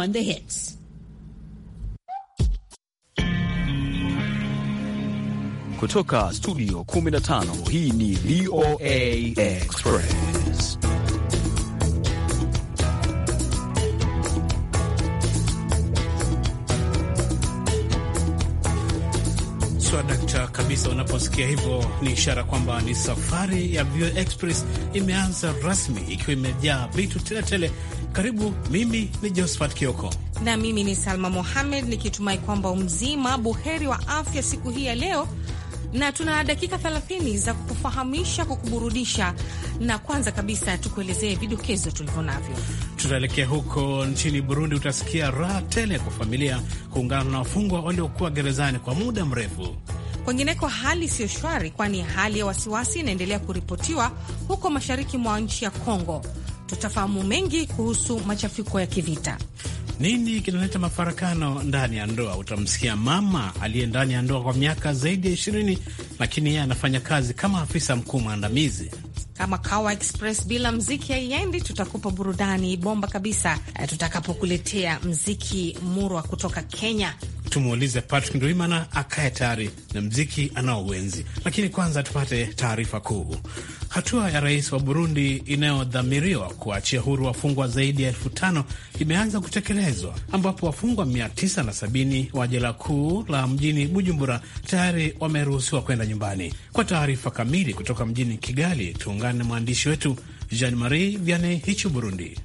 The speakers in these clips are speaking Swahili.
on the hits. Kutoka studio 15 hii ni VOA Express. Swadakta kabisa, unaposikia hivyo ni ishara kwamba ni safari ya VOA Express imeanza rasmi, ikiwa imejaa vitu teletele karibu, mimi ni Josephat Kioko na mimi ni Salma Mohamed, nikitumai kwamba mzima buheri wa afya siku hii ya leo, na tuna dakika 30 za kukufahamisha, kukuburudisha, na kwanza kabisa tukuelezee vidokezo tulivyo navyo. Tutaelekea huko nchini Burundi, utasikia raha tele kwa familia kuungana na wafungwa waliokuwa gerezani kwa muda mrefu. Kwengineko hali siyo shwari, kwani hali ya wasiwasi inaendelea kuripotiwa huko mashariki mwa nchi ya Kongo. Tutafahamu mengi kuhusu machafuko ya kivita. Nini kinaleta mafarakano ndani ya ndoa? Utamsikia mama aliye ndani ya ndoa kwa miaka zaidi ya ishirini, lakini yeye anafanya kazi kama afisa mkuu mwandamizi. Kama kawa express bila mziki haiendi, tutakupa burudani bomba kabisa eh, tutakapokuletea mziki murwa kutoka Kenya tumuulize Patrick Ndwimana akaye tayari na mziki anaowenzi. Lakini kwanza tupate taarifa kuu. Hatua ya rais wa Burundi inayodhamiriwa kuachia huru wafungwa zaidi ya elfu tano imeanza kutekelezwa ambapo wafungwa 970 wa jela kuu la mjini Bujumbura tayari wameruhusiwa kwenda nyumbani. Kwa taarifa kamili kutoka mjini Kigali, tuungane na mwandishi wetu Jean Marie Vianney Hichu, Burundi.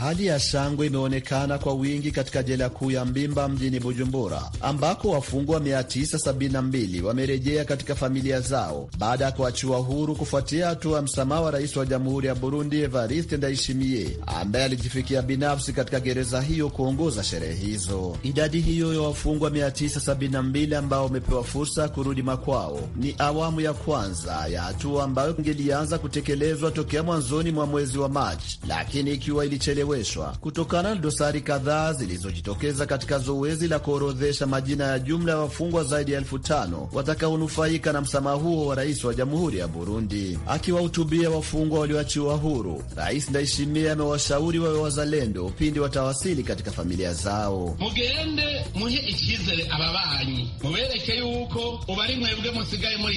Hali ya shangwe imeonekana kwa wingi katika jela kuu ya Mbimba mjini Bujumbura, ambako wafungwa 972 wamerejea katika familia zao baada ya kuachiwa huru kufuatia hatua ya msamaha wa rais wa jamhuri ya Burundi Evariste Ndayishimiye, ambaye alijifikia binafsi katika gereza hiyo kuongoza sherehe hizo. Idadi hiyo ya wafungwa 972 ambao wamepewa fursa ya kurudi makwao ni awamu ya kwanza ya hatua ambayo ingelianza kutekelezwa tokea mwanzoni mwa mwezi wa Machi, lakini ikiwa ilichelewa kucheleweshwa kutokana na dosari kadhaa zilizojitokeza katika zoezi la kuorodhesha majina ya jumla ya wafungwa zaidi ya elfu tano watakaonufaika na msamaha huo wa rais wa jamhuri ya Burundi. Akiwahutubia wafungwa walioachiwa huru, Rais Ndayishimiye amewashauri wawe wazalendo pindi watawasili katika familia zao. mugende muhe icyizere ababanyi mubereke yuko ubari mwebwe musigaye muri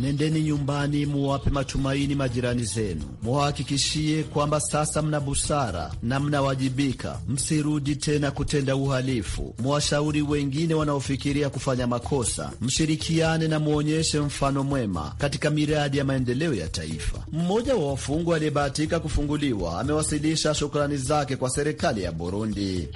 Nendeni nyumbani muwape matumaini majirani zenu, muhakikishie kwamba sasa mna busara na mnawajibika, msirudi tena kutenda uhalifu, mwashauri wengine wanaofikiria kufanya makosa, mshirikiane na mwonyeshe mfano mwema katika miradi ya maendeleo ya taifa. Mmoja wa wafungwa aliyebahatika kufunguliwa amewasilisha shukrani zake kwa serikali ya Burundi.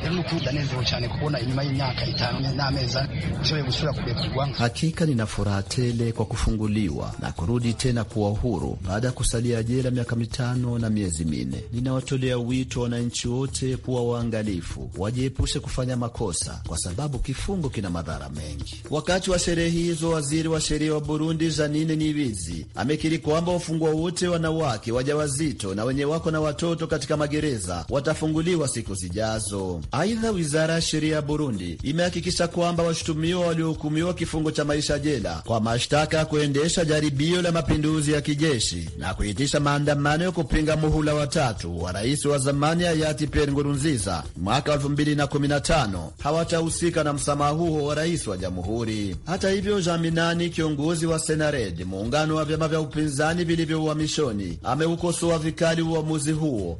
Hakika nina furaha tele kwa kufunguliwa na kurudi tena kuwa huru baada ya kusalia jela miaka mitano na miezi minne. Ninawatolea wito wananchi wote kuwa waangalifu, wajiepushe kufanya makosa, kwa sababu kifungo kina madhara mengi. Wakati wa sherehe hizo, waziri wa sheria wa Burundi Janine nivizi amekiri kwamba wafungwa wote wanawake wajawazito na wenye wako na watoto katika magereza watafunguliwa siku zijazo. Aidha, wizara ya sheria ya Burundi imehakikisha kwamba washutumiwa waliohukumiwa kifungo cha maisha jela kwa mashtaka ya kuendesha jaribio la mapinduzi ya kijeshi na kuitisha maandamano ya kupinga muhula watatu wa rais wa zamani chini ya Pierre Nkurunziza mwaka 2015 hawatahusika na msamaha huo wa rais wa jamhuri. Hata hivyo, Jaminani, kiongozi wa Senared, muungano wa vyama vya upinzani vilivyo uhamishoni, ameukosoa vikali uamuzi huo.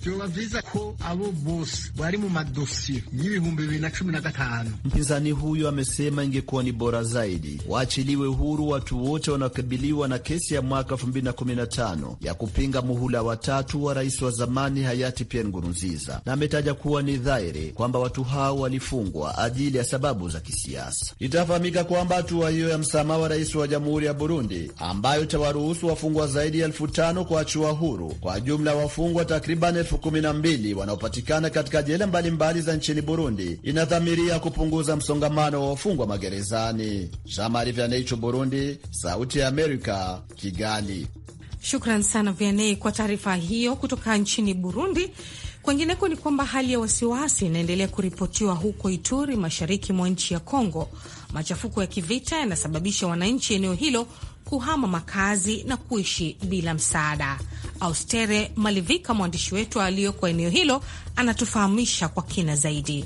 Mpinzani huyo amesema ingekuwa ni bora zaidi waachiliwe huru watu wote wanaokabiliwa na kesi ya mwaka 2015 ya kupinga muhula watatu wa rais wa zamani hayati Pierre Nkurunziza kujiuliza, na ametaja kuwa ni dhahiri kwamba watu hao walifungwa ajili ya sababu za kisiasa. Itafahamika kwamba hatua hiyo ya msamaha wa rais wa jamhuri ya Burundi, ambayo itawaruhusu wafungwa zaidi ya elfu tano kuachiwa huru, kwa jumla wafungwa takriban elfu kumi na mbili wanaopatikana katika jela mbalimbali za nchini Burundi, inadhamiria kupunguza msongamano wa wafungwa magerezani. Burundi, Sauti ya Amerika, Kigali. Shukran sana Vianney kwa taarifa hiyo kutoka nchini Burundi. Kwengineko ni kwamba hali ya wasiwasi inaendelea kuripotiwa huko Ituri, mashariki mwa nchi ya Kongo. Machafuko ya kivita yanasababisha wananchi eneo hilo kuhama makazi na kuishi bila msaada. Austere Malivika, mwandishi wetu aliyoko eneo hilo, anatufahamisha kwa kina zaidi.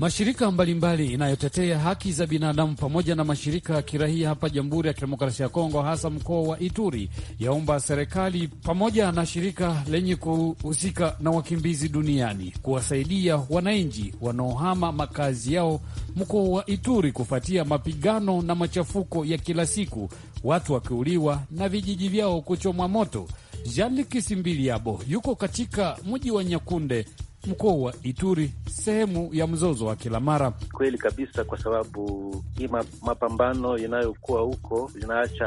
Mashirika mbalimbali inayotetea haki za binadamu pamoja na mashirika ya kiraia hapa Jamhuri ya Kidemokrasia ya Kongo, hasa mkoa wa Ituri, yaomba serikali pamoja na shirika lenye kuhusika na wakimbizi duniani kuwasaidia wananchi wanaohama makazi yao mkoa wa Ituri kufuatia mapigano na machafuko ya kila siku, watu wakiuliwa na vijiji vyao kuchomwa moto. Jean kisimbiliabo yuko katika mji wa Nyakunde mkoa wa Ituri, sehemu ya mzozo wa kila mara. Kweli kabisa, kwa sababu hii mapambano inayokuwa huko inaacha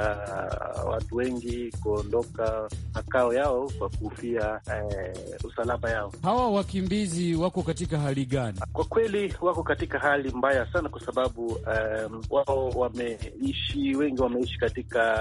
watu wengi kuondoka makao yao kwa kuhofia eh, usalama yao. Hawa wakimbizi wako katika hali gani? Kwa kweli wako katika hali mbaya sana, kwa sababu um, wao wameishi, wengi wameishi katika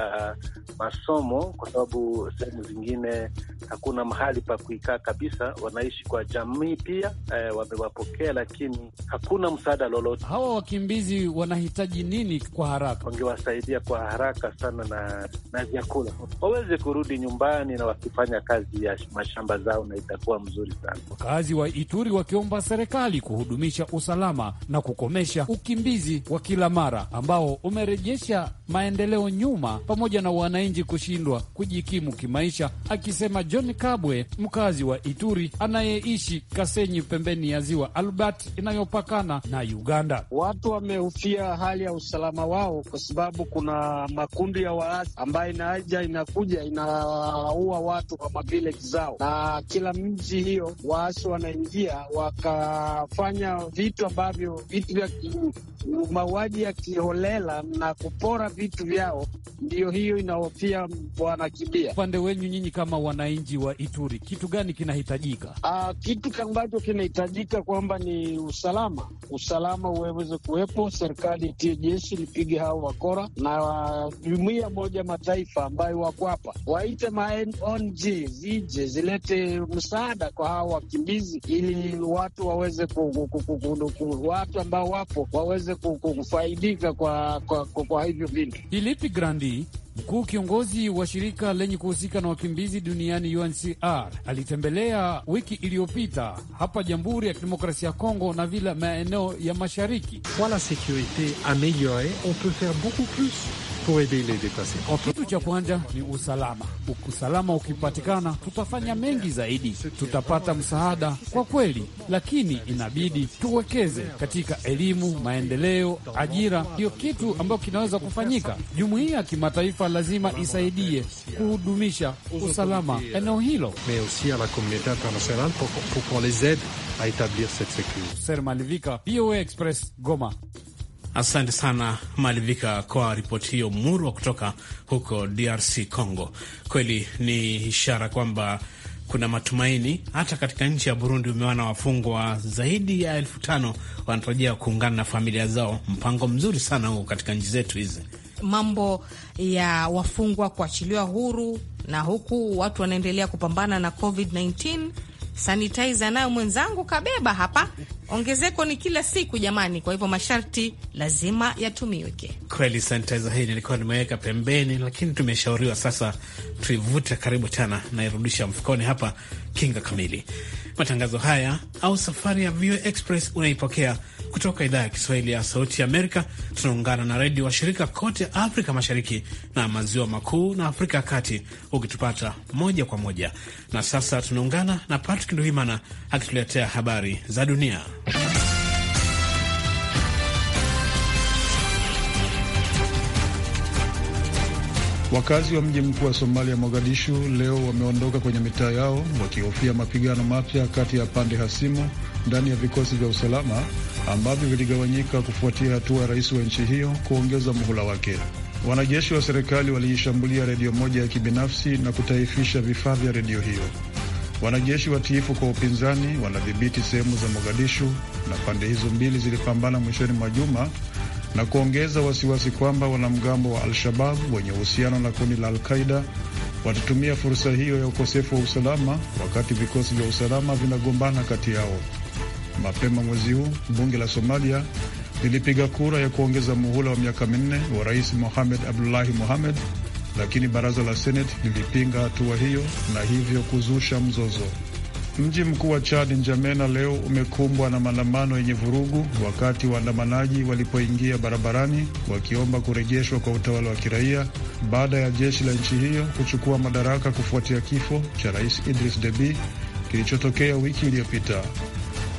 masomo, kwa sababu sehemu zingine hakuna mahali pa kuikaa kabisa, wanaishi kwa jamii jamii pia eh, wamewapokea, lakini hakuna msaada lolote. Hawa wakimbizi wanahitaji nini kwa haraka? Wangewasaidia kwa haraka sana na na vyakula, waweze kurudi nyumbani na wakifanya kazi ya mashamba zao, na itakuwa mzuri sana. Wakazi wa Ituri wakiomba serikali kuhudumisha usalama na kukomesha ukimbizi wa kila mara ambao umerejesha maendeleo nyuma, pamoja na wananchi kushindwa kujikimu kimaisha, akisema John Kabwe, mkazi wa Ituri anayeishi Kasenyi, pembeni ya ziwa Albert inayopakana na Uganda. Watu wamehofia hali ya usalama wao, kwa sababu kuna makundi ya waasi ambayo inaja inakuja inaua watu kwa mavile zao, na kila mji hiyo waasi wanaingia wakafanya vitu ambavyo vitu vya mauaji ya kiholela na kupora vitu vitu vyao, ndio hiyo inaofia wanakimbia. Upande wenyu nyinyi kama wananchi wa Ituri, kitu gani kinahitajika? Aa, ah, kitu ambacho kinahitajika kwamba ni usalama, usalama uweze kuwepo, serikali itie jeshi lipige hao wakora, na jumuia moja mataifa ambayo wako hapa waite maong zije zilete msaada kwa hao wakimbizi, ili watu waweze watu ambao wapo waweze kufaidika kwa, kwa, kwa, kwa hivyo vile Grandi. Grandi, mkuu kiongozi wa shirika lenye kuhusika na wakimbizi duniani UNHCR, alitembelea wiki iliyopita hapa Jamhuri ya Kidemokrasia ya Kongo na vile maeneo ya mashariki. Kwa la securite ameliore on peut faire beaucoup plus pour aider les Kitu cha kwanza ni usalama. Usalama ukipatikana, tutafanya mengi zaidi, tutapata msaada kwa kweli, lakini inabidi tuwekeze katika elimu, maendeleo, ajira. Ndiyo kitu ambacho kinaweza kufanyika. Jumuiya ya kimataifa lazima isaidie kuhudumisha usalama eneo hilo. malivika VOA Express, Goma. Asante sana Malivika kwa ripoti hiyo murwa kutoka huko DRC Congo. Kweli ni ishara kwamba kuna matumaini. Hata katika nchi ya Burundi umewana wafungwa zaidi ya elfu tano wanatarajia kuungana na familia zao. Mpango mzuri sana huo katika nchi zetu hizi, mambo ya wafungwa kuachiliwa huru, na huku watu wanaendelea kupambana na COVID-19. Sanitiza nayo mwenzangu kabeba hapa, ongezeko ni kila siku jamani, kwa hivyo masharti lazima yatumike. Kweli sanitiza hii nilikuwa nimeweka pembeni, lakini tumeshauriwa sasa tuivute karibu tena, nairudisha mfukoni hapa. Kinga kamili matangazo haya au safari ya VOA Express unaipokea kutoka idhaa ya Kiswahili ya Sauti ya Amerika. Tunaungana na redio washirika kote Afrika Mashariki na Maziwa Makuu na Afrika ya Kati, ukitupata moja kwa moja. Na sasa tunaungana na Patrick Nduhimana akituletea habari za dunia. Wakazi wa mji mkuu wa Somalia, Mogadishu, leo wameondoka kwenye mitaa yao wakihofia mapigano mapya kati ya pande hasimu ndani ya vikosi vya usalama ambavyo viligawanyika kufuatia hatua ya rais wa nchi hiyo kuongeza muhula wake. Wanajeshi wa serikali waliishambulia redio moja ya kibinafsi na kutaifisha vifaa vya redio hiyo. Wanajeshi watiifu kwa upinzani wanadhibiti sehemu za Mogadishu na pande hizo mbili zilipambana mwishoni mwa juma na kuongeza wasiwasi kwamba wanamgambo wa Al-Shabab wenye uhusiano na kundi la Al-Qaida watatumia fursa hiyo ya ukosefu wa usalama wakati vikosi vya usalama vinagombana kati yao. Mapema mwezi huu bunge la Somalia lilipiga kura ya kuongeza muhula wa miaka minne wa rais Mohamed Abdullahi Mohamed, lakini baraza la Seneti lilipinga hatua hiyo na hivyo kuzusha mzozo. Mji mkuu wa Chad, Njamena, leo umekumbwa na maandamano yenye vurugu, wakati waandamanaji walipoingia barabarani wakiomba kurejeshwa kwa utawala wa kiraia baada ya jeshi la nchi hiyo kuchukua madaraka kufuatia kifo cha rais Idris Deby kilichotokea wiki iliyopita.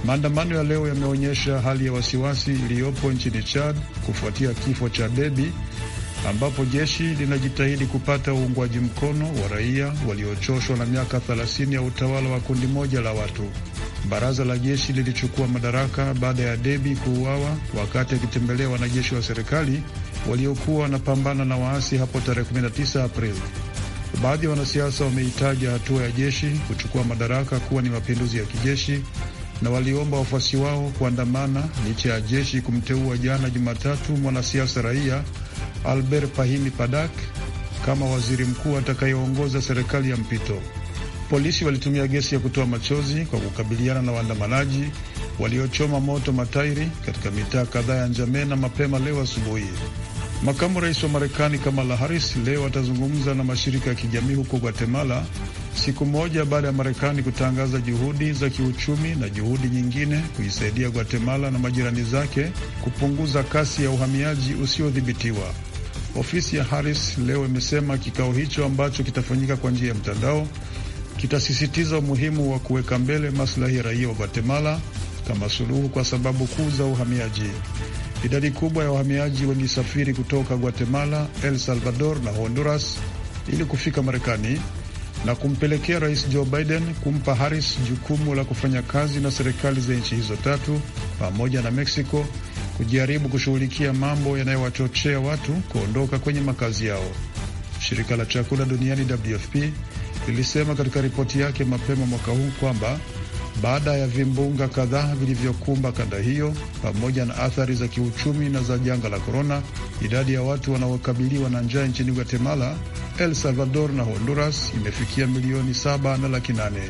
Maandamano ya leo yameonyesha hali ya wasiwasi iliyopo nchini Chad kufuatia kifo cha debi ambapo jeshi linajitahidi kupata uungwaji mkono wa raia waliochoshwa na miaka 30 ya utawala wa kundi moja la watu. Baraza la jeshi lilichukua madaraka baada ya debi kuuawa wakati akitembelea wanajeshi wa serikali waliokuwa wanapambana na waasi hapo tarehe 19 Aprili. Baadhi ya wanasiasa wameitaja hatua ya jeshi kuchukua madaraka kuwa ni mapinduzi ya kijeshi na waliomba wafuasi wao kuandamana licha ya jeshi kumteua jana Jumatatu mwanasiasa raia Albert Pahimi Padak kama waziri mkuu atakayeongoza serikali ya mpito. Polisi walitumia gesi ya kutoa machozi kwa kukabiliana na waandamanaji waliochoma moto matairi katika mitaa kadhaa ya Njamena mapema leo asubuhi. Makamu rais wa Marekani Kamala Harris leo atazungumza na mashirika ya kijamii huko Guatemala siku moja baada ya Marekani kutangaza juhudi za kiuchumi na juhudi nyingine kuisaidia Guatemala na majirani zake kupunguza kasi ya uhamiaji usiodhibitiwa. Ofisi ya Harris leo imesema kikao hicho ambacho kitafanyika kwa njia ya mtandao kitasisitiza umuhimu wa kuweka mbele maslahi ya raia wa Guatemala kama suluhu kwa sababu kuu za uhamiaji. Idadi kubwa ya wahamiaji walisafiri kutoka Guatemala, El Salvador na Honduras ili kufika Marekani na kumpelekea Rais Joe Biden kumpa Harris jukumu la kufanya kazi na serikali za nchi hizo tatu pamoja na Meksiko kujaribu kushughulikia mambo yanayowachochea watu kuondoka kwenye makazi yao. Shirika la chakula duniani WFP lilisema katika ripoti yake mapema mwaka huu kwamba baada ya vimbunga kadhaa vilivyokumba kanda hiyo, pamoja na athari za kiuchumi na za janga la korona. Idadi ya watu wanaokabiliwa na njaa nchini Guatemala, El Salvador na Honduras imefikia milioni saba na laki nane.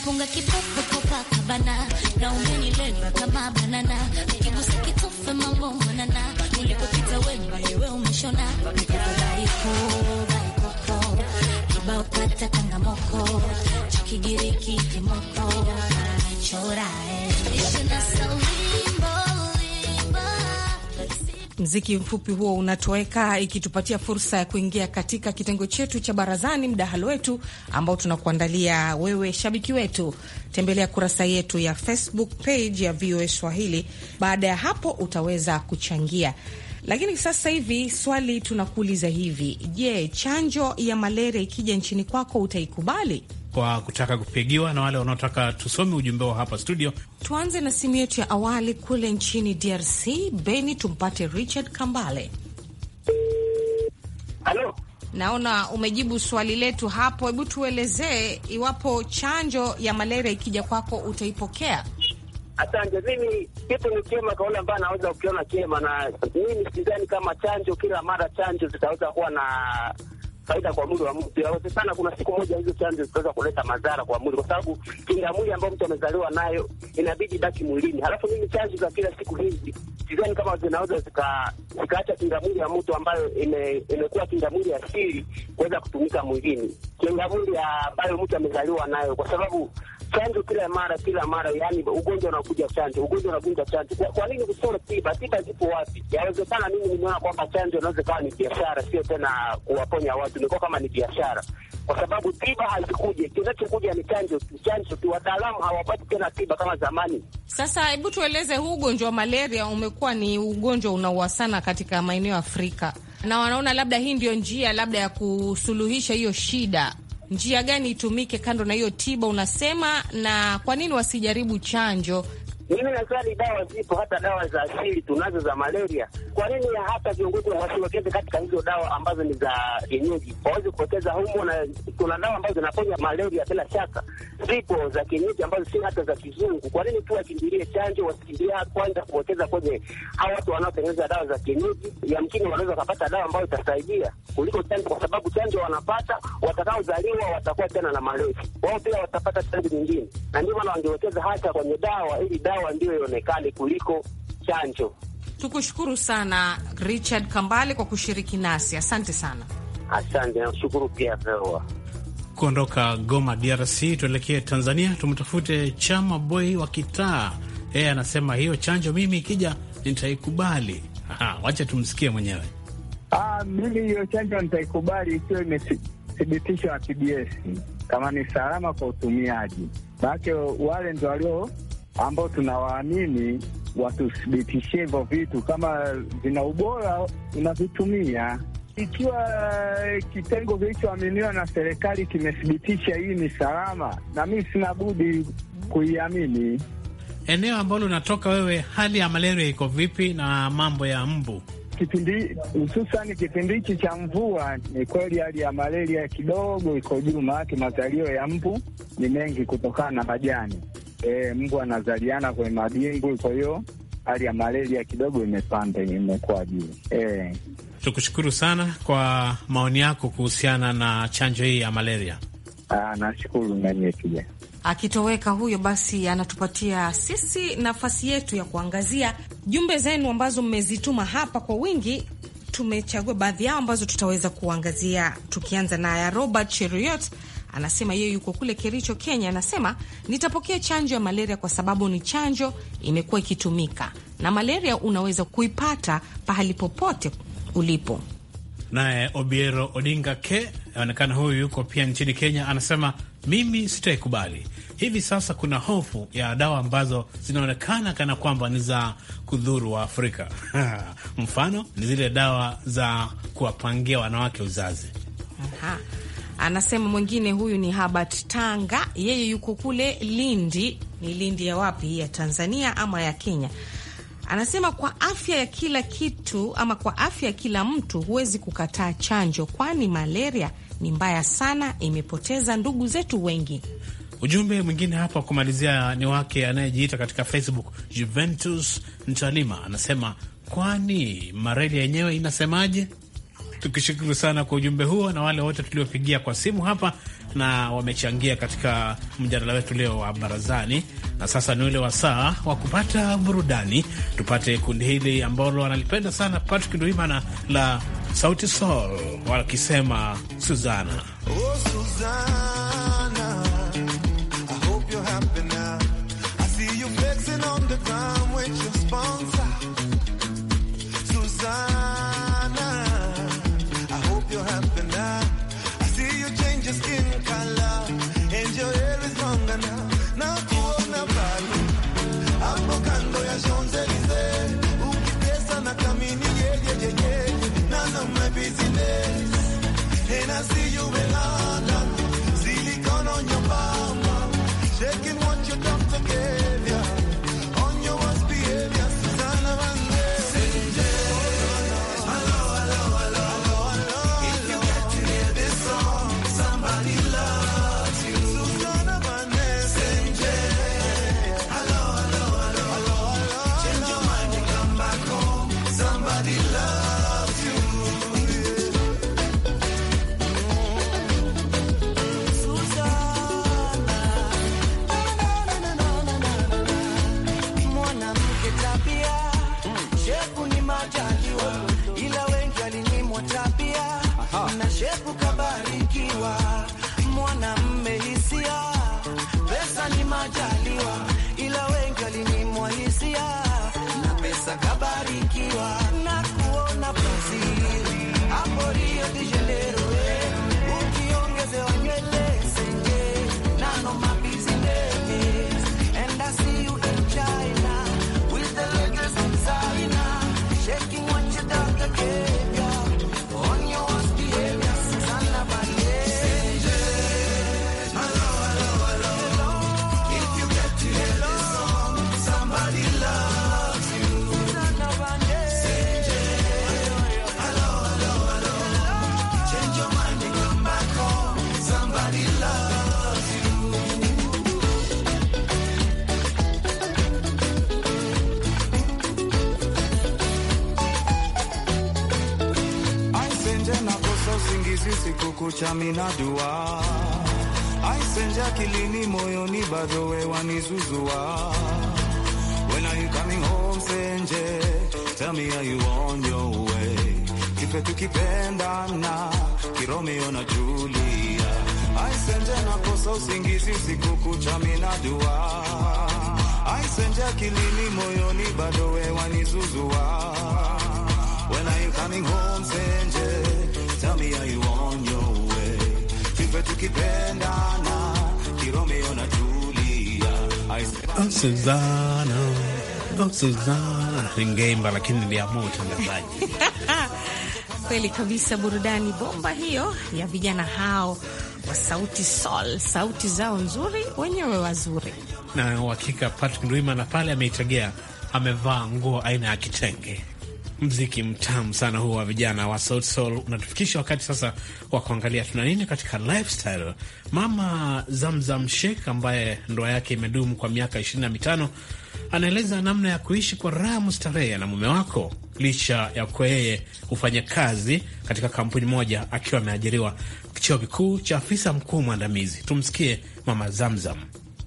napunga kipofu kabana na umenilewa kama banana, ukigusa kitofe mambo manana, ulipopita wenye wewe umeshona kibao pata kangamoko cha Kigiriki kimoko chorae eh. Mziki mfupi huo unatoweka, ikitupatia fursa ya kuingia katika kitengo chetu cha barazani, mdahalo wetu ambao tunakuandalia wewe, shabiki wetu. Tembelea kurasa yetu ya Facebook page ya VOA Swahili. Baada ya hapo, utaweza kuchangia. Lakini sasa hivi swali tunakuuliza hivi: je, chanjo ya malaria ikija nchini kwako utaikubali? kwa kutaka kupigiwa na wale wanaotaka tusome ujumbe wao hapa studio. Tuanze na simu yetu ya awali kule nchini DRC, Beni, tumpate Richard Kambale. Halo. Naona umejibu swali letu hapo. Hebu tuelezee iwapo chanjo ya malaria ikija kwako utaipokea? Asante. Mimi kitu ni kiema kwa ule ambaye anaweza kukiona kiema, na mimi sidhani kama chanjo kila mara chanjo zitaweza kuwa na faida kwa mwili wa mtu. Inawezekana kuna siku moja hizo chanjo zitaweza kuleta madhara kwa mwili, kwa sababu kinga ya mwili ambayo mtu amezaliwa nayo inabidi baki mwilini. Halafu mimi chanjo za kila siku hizi sidhani kama zinaweza zika zikaacha kinga mwili ya mtu ambayo imekuwa kinga mwili asili kuweza kutumika mwilini, kinga mwili ambayo mtu amezaliwa nayo, kwa sababu chanjo kila mara kila mara, yani ugonjwa unakuja chanjo, ugonjwa unakuja chanjo. Kwa, kwa nini kusoro tiba? Tiba zipo wapi? Yawezekana mimi nimeona kwamba chanjo inaweza kawa ni biashara, sio tena kuwaponya watu, ilikuwa kama ni biashara, kwa sababu tiba hazikuja, kinachokuja ni chanjo tu, chanjo tu. Wataalamu hawapati tena tiba kama zamani. Sasa hebu tueleze, huu ugonjwa wa malaria umekuwa ni ugonjwa unaua sana katika maeneo ya Afrika na wanaona labda hii ndio njia labda ya kusuluhisha hiyo shida njia gani itumike kando na hiyo tiba unasema, na kwa nini wasijaribu chanjo mimi naswali, dawa zipo, hata dawa za asili tunazo za malaria. Kwa nini hata viongozi wasiwekeze katika hizo dawa ambazo ni za kienyeji, waweze kuwekeza humo? Na kuna dawa ambazo zinaponya malaria, bila shaka zipo za kienyeji ambazo si hata za kizungu. Kwa nini tu wakimbilie chanjo, wasikimbilie kwanza kuwekeza kwenye hawa watu wanaotengeneza dawa za kienyeji? Yamkini wanaweza wakapata dawa ambayo itasaidia kuliko chanjo, kwa sababu chanjo wanapata, watakaozaliwa watakuwa tena na malaria, wao pia watapata chanjo nyingine, na ndio maana wangewekeza hata kwenye dawa ili dawa dawa ndiyo ionekane kuliko chanjo. Tukushukuru sana Richard Kambale kwa kushiriki nasi, asante sana. Asante, nashukuru pia VOA. Kuondoka Goma DRC tuelekee Tanzania, tumtafute Chama Boy wa Kitaa. Yeye anasema hiyo chanjo mimi ikija nitaikubali. wacha tumsikie mwenyewe. Aa, ah, mimi hiyo chanjo nitaikubali ikiwa imethibitishwa na TBS kama ni salama kwa utumiaji, maanake wale ndo walio ambao tunawaamini watuthibitishie hivyo vitu, kama vina ubora unavitumia. Ikiwa eh, kitengo kilichoaminiwa na serikali kimethibitisha hii ni salama, na mi sina budi kuiamini. Eneo ambalo unatoka wewe, hali ya malaria iko vipi na mambo ya mbu? Kipindi hususani kipindi hichi cha mvua, ni kweli hali ya malaria kidogo iko juu, maanake mazalio ya mbu ni mengi kutokana na majani e, eh, mbu anazaliana kwenye madimbwi, kwa hiyo hali ya malaria kidogo imepanda, imekuwa juu e. Tukushukuru sana kwa maoni yako kuhusiana na chanjo hii ya malaria. Ah, nashukuru nanie pia akitoweka huyo basi, anatupatia sisi nafasi yetu ya kuangazia jumbe zenu ambazo mmezituma hapa kwa wingi. Tumechagua baadhi yao ambazo tutaweza kuangazia, tukianza na ya Robert Cheruiyot anasema yeye yuko kule Kericho, Kenya. Anasema nitapokea chanjo ya malaria kwa sababu ni chanjo imekuwa ikitumika, na malaria unaweza kuipata pahali popote ulipo. Naye Obiero Odinga Ke anaonekana huyu yuko pia nchini Kenya, anasema mimi sitaikubali. Hivi sasa kuna hofu ya dawa ambazo zinaonekana kana kwamba ni za kudhuru wa Afrika. Mfano ni zile dawa za kuwapangia wanawake uzazi. Aha. Anasema mwingine huyu ni Habat Tanga, yeye yuko kule Lindi. Ni Lindi ya wapi, ya Tanzania ama ya Kenya? Anasema kwa afya ya kila kitu ama kwa afya ya kila mtu, huwezi kukataa chanjo, kwani malaria ni mbaya sana, imepoteza ndugu zetu wengi. Ujumbe mwingine hapa wa kumalizia ni wake anayejiita katika Facebook Juventus Ntalima, anasema kwani malaria yenyewe inasemaje? tukishukuru sana kwa ujumbe huo na wale wote tuliopigia kwa simu hapa na wamechangia katika mjadala wetu leo wa barazani. Na sasa ni ule wasaa wa kupata burudani, tupate kundi hili ambalo wanalipenda sana Patrick duimana la Sauti Sol wakisema Suzana, oh, Suzana. is in sisi kucha minadua aisenja kilini moyoni bado we wanizuzua When are you coming home Senje tell me are you on your way kipe tukipendana kiromeo na Julia aisenje nakosa usingizi siku kucha minadua aisenja kilini moyoni bado we wanizuzua When are you coming home Senje Tell me are you on your way? Vipi tukipendana, Romeo na Julia. Suzana, oh Suzana, ni mgeimba lakini niliamua utangazaji. Kweli kabisa, burudani bomba hiyo ya vijana hao wa Sauti Sol. Sauti zao nzuri, wenyewe wazuri, na uhakika Patrick Ndwimana pale ameitegea, amevaa nguo aina ya kitenge Mziki mtamu sana huo wa vijana wa Sauti Sol unatufikisha wakati sasa wa kuangalia tuna nini katika lifestyle. Mama Zamzam Sheikh ambaye ndoa yake imedumu kwa miaka ishirini na mitano anaeleza namna ya kuishi kwa raha mustarehe na mume wako licha ya kuwa yeye hufanya kazi katika kampuni moja akiwa ameajiriwa cheo kikuu cha afisa mkuu mwandamizi. Tumsikie Mama Zamzam.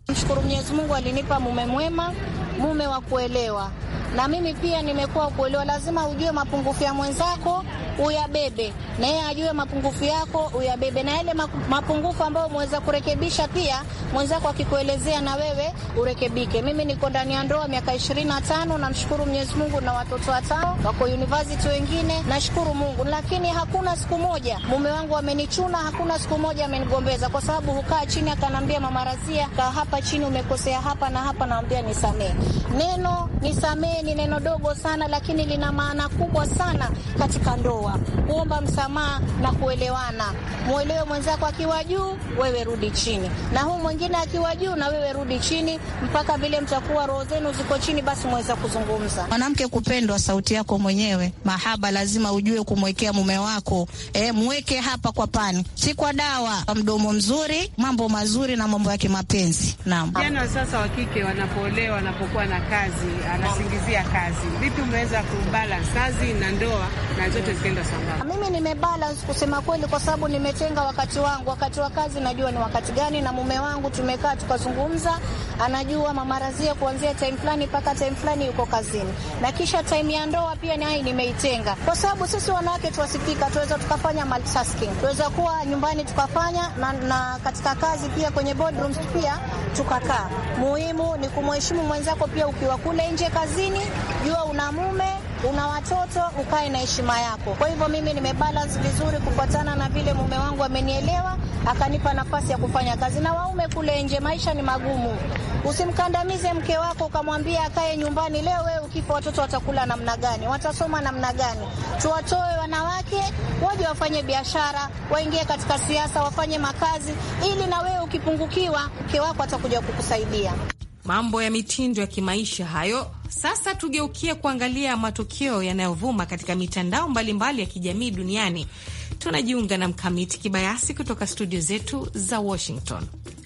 Mshukuru Mwenyezi Mungu alinipa mume mwema, mume wa kuelewa, na mimi pia nimekuwa kuelewa. Lazima ujue mapungufu ya mwenzako uyabebe, na yeye ajue mapungufu yako uyabebe, na yale mapungufu ambayo umeweza kurekebisha, pia mwenzako akikuelezea na wewe urekebike. Mimi niko ndani ya ndoa miaka ishirini na tano, namshukuru Mwenyezi Mungu na watoto watano wako university, wengine nashukuru Mungu, lakini hakuna siku moja mume wangu amenichuna, hakuna siku moja amenigombeza, kwa sababu hukaa chini akanambia, mama Razia, kaa hapa chini, umekosea hapa na hapa, naambia nisamee. Neno nisamee ni neno dogo sana, lakini lina maana kubwa sana katika ndoa ndoa, kuomba msamaha na kuelewana. Mwelewe mwenzako akiwa juu, wewe rudi chini, na huu mwingine akiwa juu, na wewe rudi chini, mpaka vile mtakuwa roho zenu ziko chini, basi mweza kuzungumza. Mwanamke kupendwa, sauti yako mwenyewe, mahaba lazima ujue kumwekea mume wako. E, mweke hapa kwa pani, si kwa dawa, mdomo mzuri, mambo mazuri na mambo ya kimapenzi. Naam, vijana sasa wa kike wanapoolewa, wanapokuwa na kazi, anasingizia kazi. Vipi umeweza kubalance kazi na ndoa na zote zile kwenda sambamba. Ah, mimi nimebalance kusema kweli, kwa sababu nimetenga wakati wangu, wakati wa kazi najua ni wakati gani, na mume wangu tumekaa tukazungumza, anajua mama Razia kuanzia time fulani mpaka time fulani yuko kazini, na kisha time ya ndoa pia naye nimeitenga, kwa sababu sisi wanawake tuwasifika, tuweza tukafanya multitasking, tuweza kuwa nyumbani tukafanya na, na katika kazi pia kwenye boardrooms pia tukakaa. Muhimu ni kumheshimu mwenzako pia, ukiwa kule nje kazini, jua una mume una watoto, ukae na heshima yako. Kwa hivyo mimi nimebalance vizuri kufuatana na vile mume wangu amenielewa, akanipa nafasi ya kufanya kazi. Na waume kule nje, maisha ni magumu. Usimkandamize mke wako ukamwambia akae nyumbani. Leo wewe ukifa, watoto watakula namna gani? Watasoma namna gani? Tuwatoe wanawake waje wafanye biashara, waingie katika siasa, wafanye makazi, ili na wewe ukipungukiwa, mke wako atakuja kukusaidia. Mambo ya mitindo ya kimaisha hayo. Sasa tugeukie kuangalia matukio yanayovuma katika mitandao mbalimbali mbali ya kijamii duniani. Tunajiunga na Mkamiti Kibayasi kutoka studio zetu za Washington.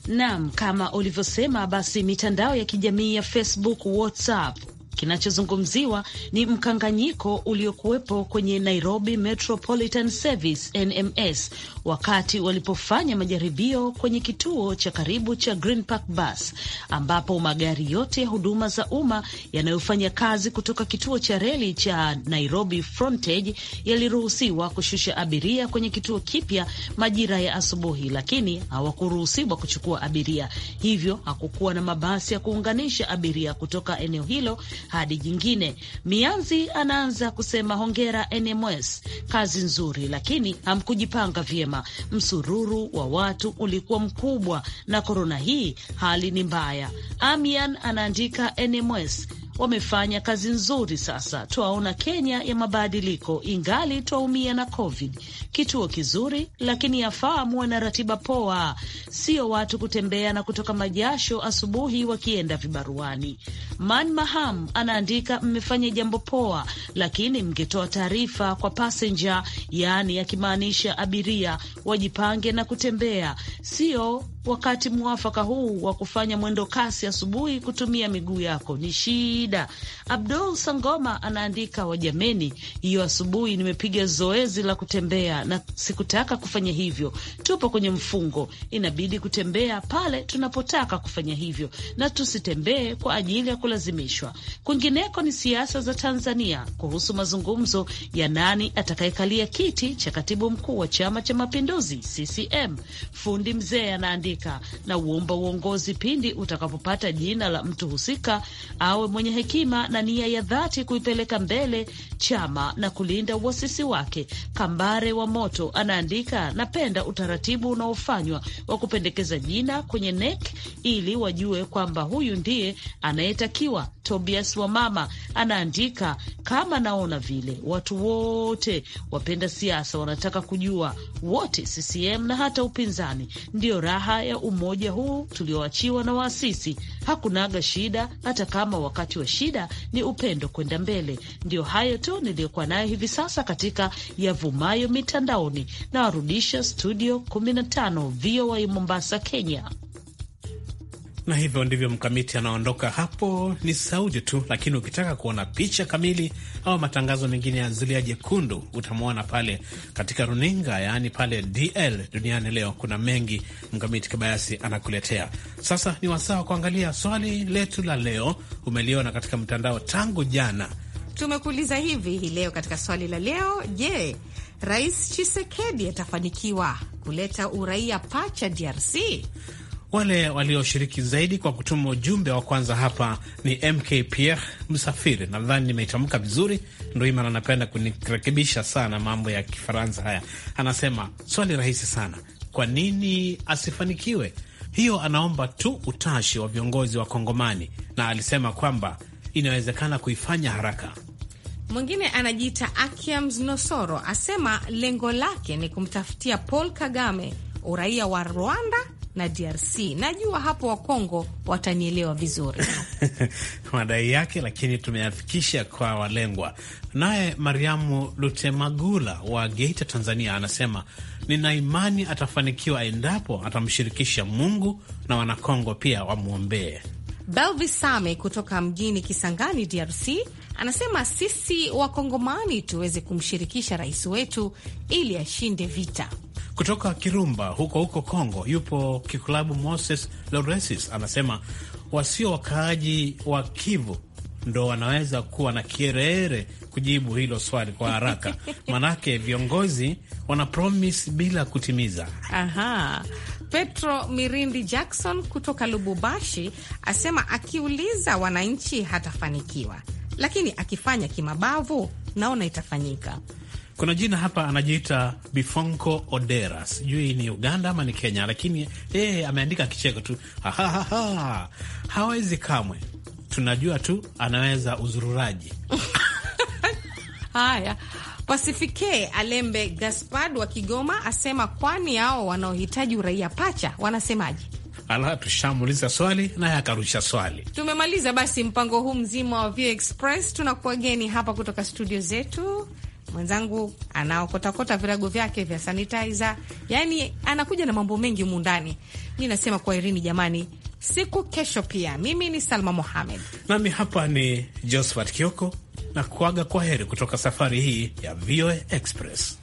Naam, kama ulivyosema, basi mitandao ya kijamii ya Facebook, WhatsApp Kinachozungumziwa ni mkanganyiko uliokuwepo kwenye Nairobi Metropolitan Service NMS wakati walipofanya majaribio kwenye kituo cha karibu cha Green Park Bus, ambapo magari yote ya huduma za umma yanayofanya kazi kutoka kituo cha reli cha Nairobi Frontage yaliruhusiwa kushusha abiria kwenye kituo kipya majira ya asubuhi, lakini hawakuruhusiwa kuchukua abiria, hivyo hakukuwa na mabasi ya kuunganisha abiria kutoka eneo hilo hadi jingine. Mianzi anaanza kusema hongera NMS, kazi nzuri, lakini hamkujipanga vyema. Msururu wa watu ulikuwa mkubwa na korona hii, hali ni mbaya. Amian anaandika NMS wamefanya kazi nzuri. Sasa twaona Kenya ya mabadiliko, ingali twaumia na COVID. Kituo kizuri, lakini yafaa muwe na ratiba poa, sio watu kutembea na kutoka majasho asubuhi wakienda vibaruani. Man Maham anaandika, mmefanya jambo poa, lakini mngetoa taarifa kwa passenger, yaani akimaanisha abiria, wajipange na kutembea, sio wakati mwafaka huu wa kufanya mwendo kasi asubuhi kutumia miguu yako ni shida. Abdul Sangoma anaandika, wajameni, hiyo asubuhi nimepiga zoezi la kutembea na sikutaka kufanya hivyo. Tupo kwenye mfungo, inabidi kutembea pale tunapotaka kufanya hivyo, na tusitembee kwa ajili ya kulazimishwa. Kwingineko ni siasa za Tanzania kuhusu mazungumzo ya nani atakayekalia kiti cha katibu mkuu wa Chama cha Mapinduzi, CCM. Fundi mzee anaandika Afrika na uomba uongozi pindi utakapopata jina la mtu husika, awe mwenye hekima na nia ya dhati kuipeleka mbele chama na kulinda uasisi wake. Kambare wa Moto anaandika, napenda utaratibu unaofanywa wa kupendekeza jina kwenye NEC ili wajue kwamba huyu ndiye anayetakiwa Tobias Wamama anaandika kama naona vile watu wote wapenda siasa wanataka kujua wote CCM na hata upinzani, ndiyo raha ya umoja huu tulioachiwa na waasisi. Hakunaga shida, hata kama wakati wa shida ni upendo kwenda mbele. Ndiyo hayo tu niliyokuwa nayo hivi sasa katika yavumayo mitandaoni. Nawarudisha studio 15 VOA Mombasa, Kenya na hivyo ndivyo Mkamiti anaondoka hapo. Ni sauti tu, lakini ukitaka kuona picha kamili au matangazo mengine ya zulia jekundu utamwona pale katika runinga, yaani pale DL duniani leo. Kuna mengi Mkamiti Kibayasi anakuletea sasa. Ni wasaa wa kuangalia swali letu la leo. Umeliona katika mtandao tangu jana, tumekuuliza hivi hii leo katika swali la leo, je, Rais Chisekedi atafanikiwa kuleta uraia pacha DRC? Wale walioshiriki zaidi kwa kutuma ujumbe wa kwanza hapa ni MK Pierre Msafiri, nadhani nimeitamka vizuri, ndio anapenda kunirekebisha sana mambo ya Kifaransa haya. Anasema swali rahisi sana, kwa nini asifanikiwe? Hiyo anaomba tu utashi wa viongozi wa Kongomani, na alisema kwamba inawezekana kuifanya haraka. Mwingine anajiita Akiams Nosoro, asema lengo lake ni kumtafutia Paul Kagame uraia wa Rwanda na DRC. Najua hapo Wakongo watanielewa vizuri madai yake, lakini tumeyafikisha kwa walengwa. Naye Mariamu Lutemagula wa Geita, Tanzania, anasema nina imani atafanikiwa endapo atamshirikisha Mungu na Wanakongo pia wamwombee. Belvi Same kutoka mjini Kisangani, DRC, anasema sisi Wakongomani tuweze kumshirikisha rais wetu ili ashinde vita. Kutoka Kirumba huko huko Kongo yupo kiklabu Moses Loresis, anasema wasio wakaaji wa Kivu ndo wanaweza kuwa na kiherehere kujibu hilo swali kwa haraka, manake viongozi wana promise bila kutimiza. Aha. Petro Mirindi Jackson kutoka Lubumbashi asema akiuliza wananchi hatafanikiwa, lakini akifanya kimabavu naona itafanyika. Kuna jina hapa anajiita Bifonko Odera, sijui ni Uganda ama ni Kenya, lakini yeye ameandika kicheko tu, hahaha, hawezi kamwe, tunajua tu anaweza uzururaji. Haya, Pasifike Alembe Gaspard wa Kigoma asema kwani hao wanaohitaji uraia pacha wanasemaje? Ala, tushamuuliza swali naye akarusha swali. Tumemaliza basi mpango huu mzima wa View Express. Tunakuwa geni hapa kutoka studio zetu mwenzangu anaokotakota virago vyake vya sanitizer, yani anakuja na mambo mengi ndani. Mi nasema kwa Irini, jamani, siku kesho pia. Mimi ni Salma Mohamed, nami hapa ni Josephat Kioko na kuaga kwa heri kutoka safari hii ya VOA Express.